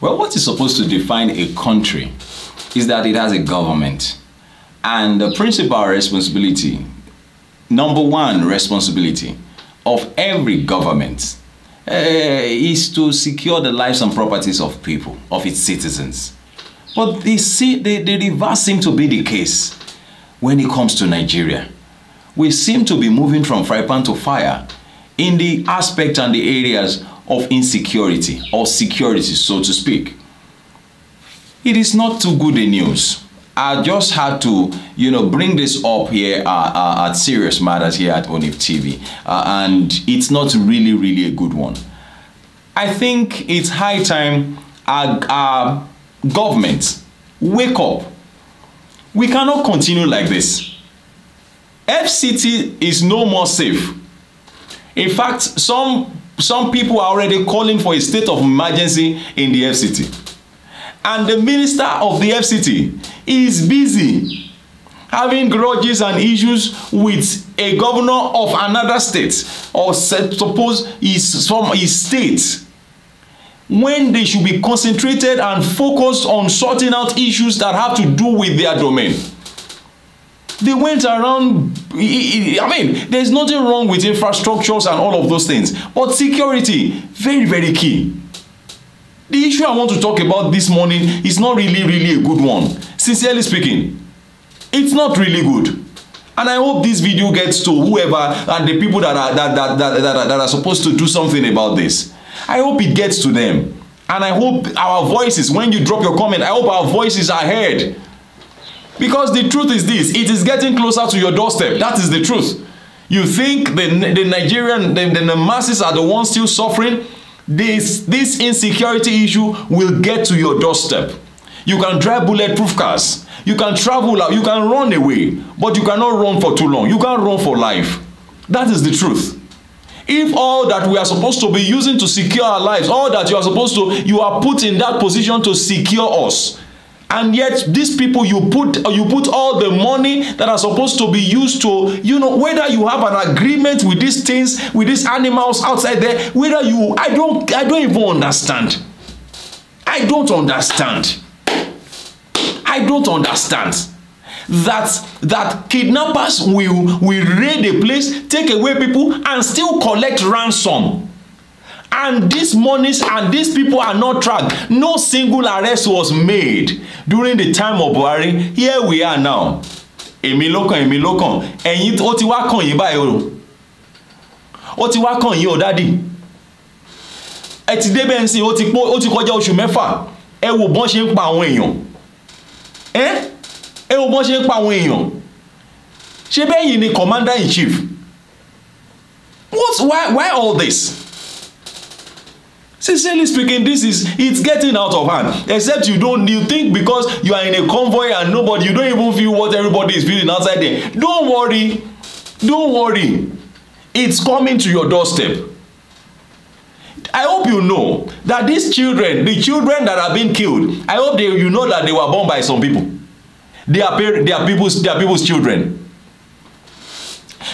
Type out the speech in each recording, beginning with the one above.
Well, what is supposed to define a country is that it has a government. And the principal responsibility, number one responsibility of every government uh, is to secure the lives and properties of people, of its citizens. But the, the, the reverse seems to be the case when it comes to Nigeria. We seem to be moving from fry pan to fire in the aspect and the areas of insecurity or security, so to speak. It is not too good a news. I just had to, you know, bring this up here uh, uh, at Serious Matters here at Onif TV, uh, and it's not really, really a good one. I think it's high time our, our government wake up. We cannot continue like this. FCT is no more safe. In fact, some some people are already calling for a state of emergency in the FCT. And the minister of the FCT is busy having grudges and issues with a governor of another state or suppose is from a state when they should be concentrated and focused on sorting out issues that have to do with their domain. They went around. I mean, there's nothing wrong with infrastructures and all of those things, but security, very, very key. The issue I want to talk about this morning is not really, really a good one. Sincerely speaking, it's not really good. And I hope this video gets to whoever and the people that are, that, that, that, that, that are supposed to do something about this. I hope it gets to them. And I hope our voices, when you drop your comment, I hope our voices are heard. Because the truth is this, it is getting closer to your doorstep. That is the truth. You think the, the Nigerian, the, the masses are the ones still suffering? This, this insecurity issue will get to your doorstep. You can drive bulletproof cars. You can travel You can run away. But you cannot run for too long. You can run for life. That is the truth. If all that we are supposed to be using to secure our lives, all that you are supposed to, you are put in that position to secure us and yet these people you put uh, you put all the money that are supposed to be used to you know whether you have an agreement with these things with these animals outside there whether you i don't i don't even understand i don't understand i don't understand that that kidnappers will will raid a place take away people and still collect ransom and these monies and these people are not tracked no single arrest was made during the time of buhari here we are now èmi ló kàn èmi ló kàn ẹ̀yin ó ti wá kàn yín báyìí o ó ti wá kàn yín o dádì ẹ ti débẹ̀ ń sìn ó ti pọ́ ó ti kọjá oṣù mẹ́fà ẹ wò bọ́n ṣe ń pa àwọn èèyàn ẹ ẹ wò bọ́n ṣe ń pa àwọn èèyàn ṣé bẹ́ẹ̀ yìí ni commander in chief what why why all this sincerely speaking this is it's getting out of hand except you don't you think because you are in a convoy and nobody you don't even feel what everybody is feeling outside there don't worry don't worry it's coming to your doorstep i hope you know that these children the children that have been killed i hope they you know that they were born by some people they are parents they are people's they are people's children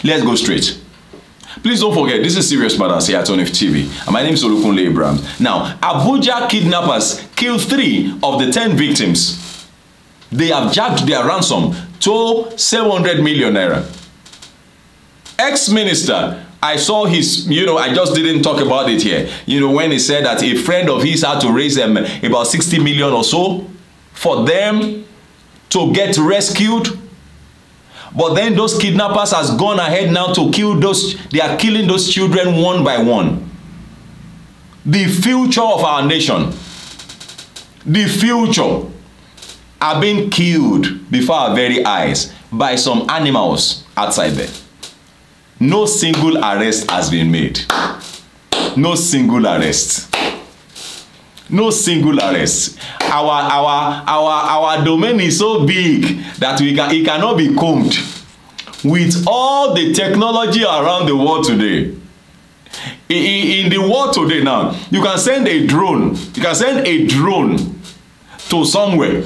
let's go straight Please don't forget, this is Serious Matters here at ONIF TV. And my name is Olukunle Abrams. Now, Abuja kidnappers kill three of the 10 victims. They have jacked their ransom to 700 million naira. Ex-minister I saw his, you know, I just didn't talk about it here. You know, when he said that a friend of his had to raise them about 60 million or so for them to get rescued But then those kidnappers has gone ahead now to kill those, they are killing those children one by one. The future of our nation, the future are being killed before our very eyes by some animals outside there. No single arrest has been made. No single arrest. No single arrest. Our our our our domain is so big that we can it cannot be combed with all the technology around the world today in, in, the world today now you can send a drone you can send a drone to somewhere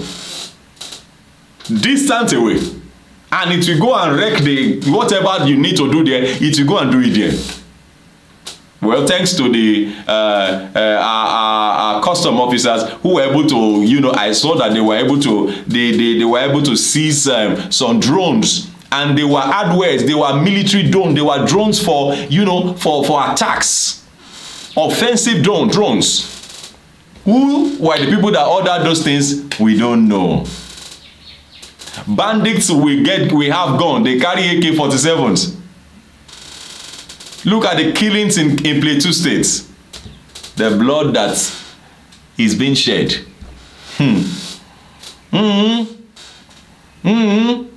distant away and it will go and wreck the whatever you need to do there it will go and do it there well thanks to the uh, uh, our, our, our custom officers who were able to you know i saw that they were able to they they, they were able to seize um, some drones and they were hardwares they were military drones they were drones for you know for for attacks offensive drone drones who were the people that ordered those things we don't know bandits we get we have gun they carry ak-47s look at the killings in in plateau state the blood that is being shed hmm mm hmm mm hmm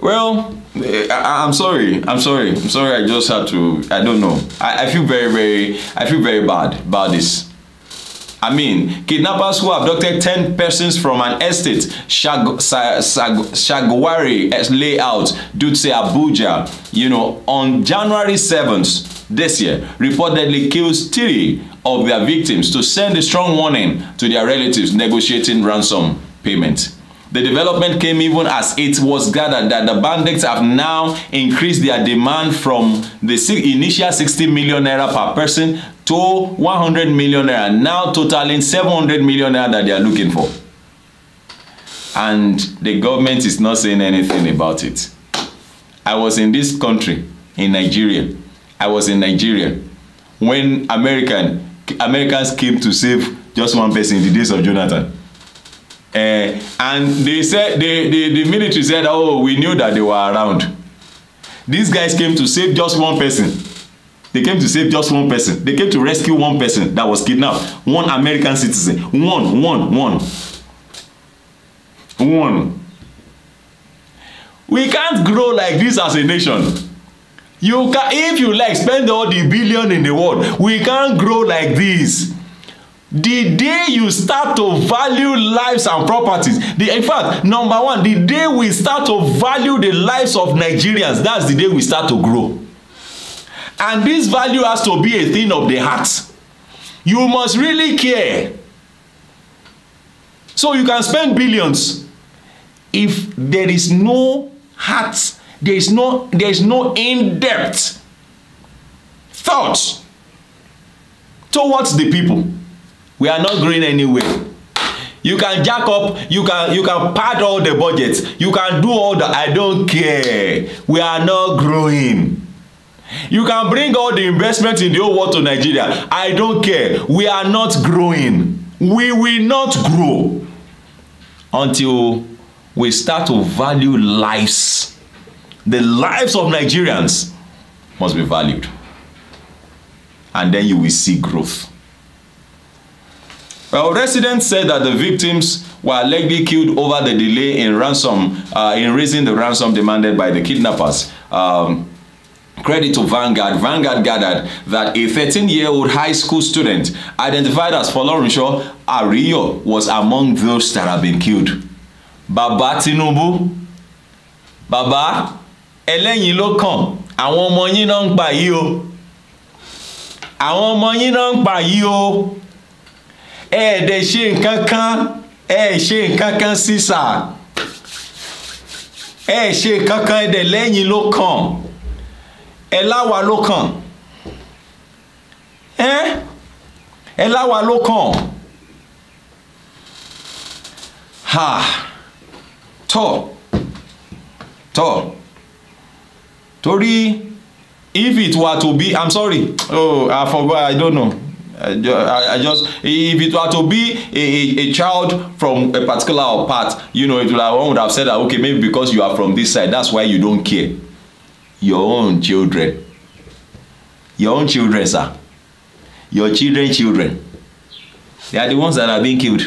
Well, eh, I, am sorry. I'm sorry. I'm sorry. I just had to. I don't know. I, I feel very, very. I feel very bad about this. I mean, kidnappers who abducted 10 persons from an estate, Shag Shagwari eh, layout, Dutse Abuja, you know, on January 7th this year, reportedly kills three of their victims to send a strong warning to their relatives negotiating ransom payment. The development came even as it was gathered that the bandits have now increased their demand from the initial 60 million naira per person to 100 million naira, now totaling 700 million naira that they are looking for. And the government is not saying anything about it. I was in this country, in Nigeria. I was in Nigeria when American, Americans came to save just one person in the days of Jonathan. Uh, and they said they, the, the military said, oh, we knew that they were around. These guys came to save just one person. They came to save just one person. They came to rescue one person that was kidnapped. One American citizen. One, one, one. One. We can't grow like this as a nation. You can, if you like, spend all the billion in the world. We can't grow like this the day you start to value lives and properties the in fact number one the day we start to value the lives of nigerians that's the day we start to grow and this value has to be a thing of the heart you must really care so you can spend billions if there is no heart there is no there is no in-depth thought towards the people we are not growing anyway. you can jack up you can you can pad all the budget you can do all the i don't care we are not growing you can bring all the investment in the whole world to nigeria i don't care we are not growing we will not grow until we start to value lives the lives of nigerians must be valued and then you will see growth Well, residents said that the victims were allegedly killed over the delay in ransom, uh, in raising the ransom demanded by the kidnappers. Um, Credit to Vanguard. Vanguard gathered that a 13-year-old high school student identified as Folorunsho Ariyo was among those that have been killed. Baba Tinubu, Baba, ẹlẹ́yin ló kàn, àwọn ọmọ yín náà ń pa yìí o. Àwọn ẹ ẹ̀ dẹ̀ ṣe nǹkan kan ẹ ẹ̀ ṣe nǹkan kan sísà ẹ ẹ̀ ṣe nǹkan kan ẹ dẹ̀ lẹ́yìn ló kàn ẹ láwa ló kàn ẹ láwa ló kàn ha tọ tọ torí if it were to be i'm sorry oh i forgot i don't know Uh, I just, I just if it were to be a, a, a child from a particular part you know it would have, one would have said that okay maybe because you are from this side that's why you don't care your own children your own children sir your children children they are the ones that are being killed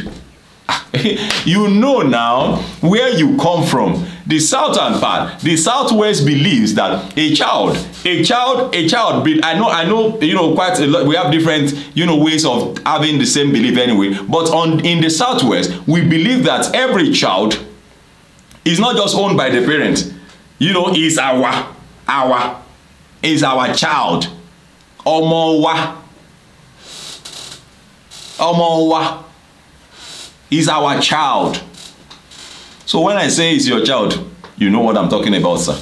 you know now where you come from. The southern part, the southwest believes that a child, a child, a child. I know, I know, you know, quite a lot. We have different, you know, ways of having the same belief anyway. But on in the southwest, we believe that every child is not just owned by the parent. You know, is our, our, is our child. Ọmọ wa. wa is our child. So when I say it's your child, you know what I'm talking about, sir.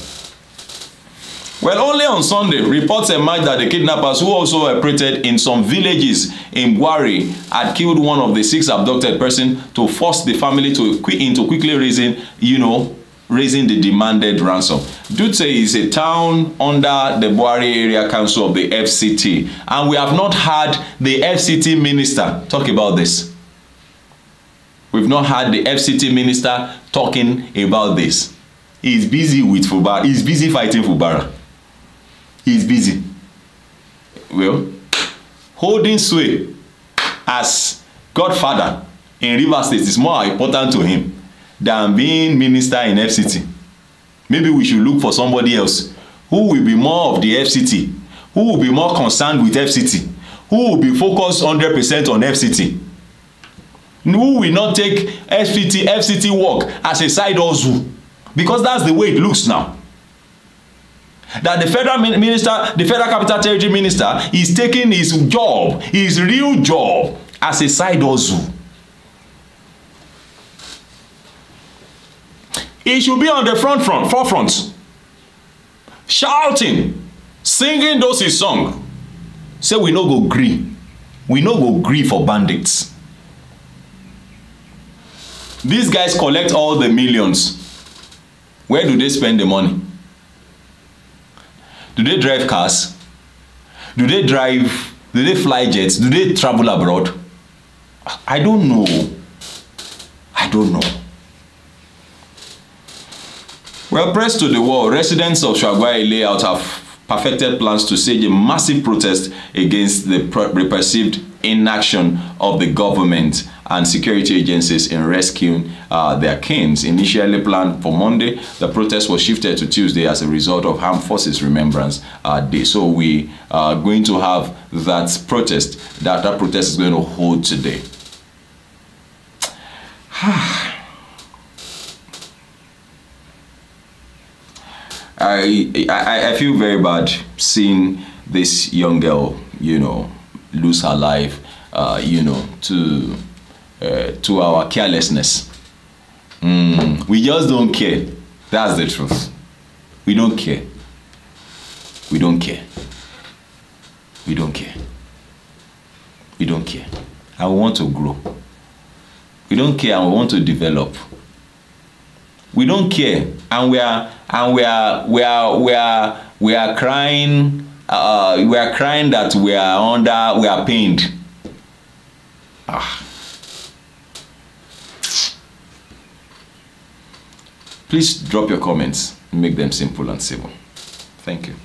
Well, only on Sunday, reports emerged that the kidnappers who also operated in some villages in Bwari, had killed one of the six abducted persons to force the family to into quickly raising, you know, raising the demanded ransom. Dutse is a town under the Bwari Area Council of the FCT, and we have not had the FCT minister talk about this. We've not had the FCT minister talking about this. He's busy with Fubara. He's busy fighting Fubara. He's busy. Well, holding sway as godfather in Rivers State is more important to him than being minister in FCT. Maybe we should look for somebody else who will be more of the FCT, who will be more concerned with FCT, who will be focused 100% on FCT who will not take fct fct work as a side hustle because that's the way it looks now that the federal minister the federal capital territory minister is taking his job his real job as a side hustle he should be on the front front forefront shouting singing those his song say we no go gree we no go gree for bandits These guys collect all the millions. Where do they spend the money? Do they drive cars? Do they drive, do they fly jets? Do they travel abroad? I don't know. I don't know. Well, pressed to the wall, residents of Shagwai layout have perfected plans to stage a massive protest against the perceived inaction of the government and security agencies in rescuing uh, their kings. Initially planned for Monday, the protest was shifted to Tuesday as a result of Armed Forces Remembrance uh, Day. So we are uh, going to have that protest, that, that protest is going to hold today. I, I, I feel very bad seeing this young girl, you know, lose her life, uh, you know, to uh, to our carelessness. Mm, we just don't care. That's the truth. We don't care. We don't care. We don't care. We don't care. I want to grow. We don't care and we want to develop. We don't care and we are and we are we are we are we are crying uh, we are crying that we are under we are pained. Ah Please drop your comments, make them simple and civil. Thank you.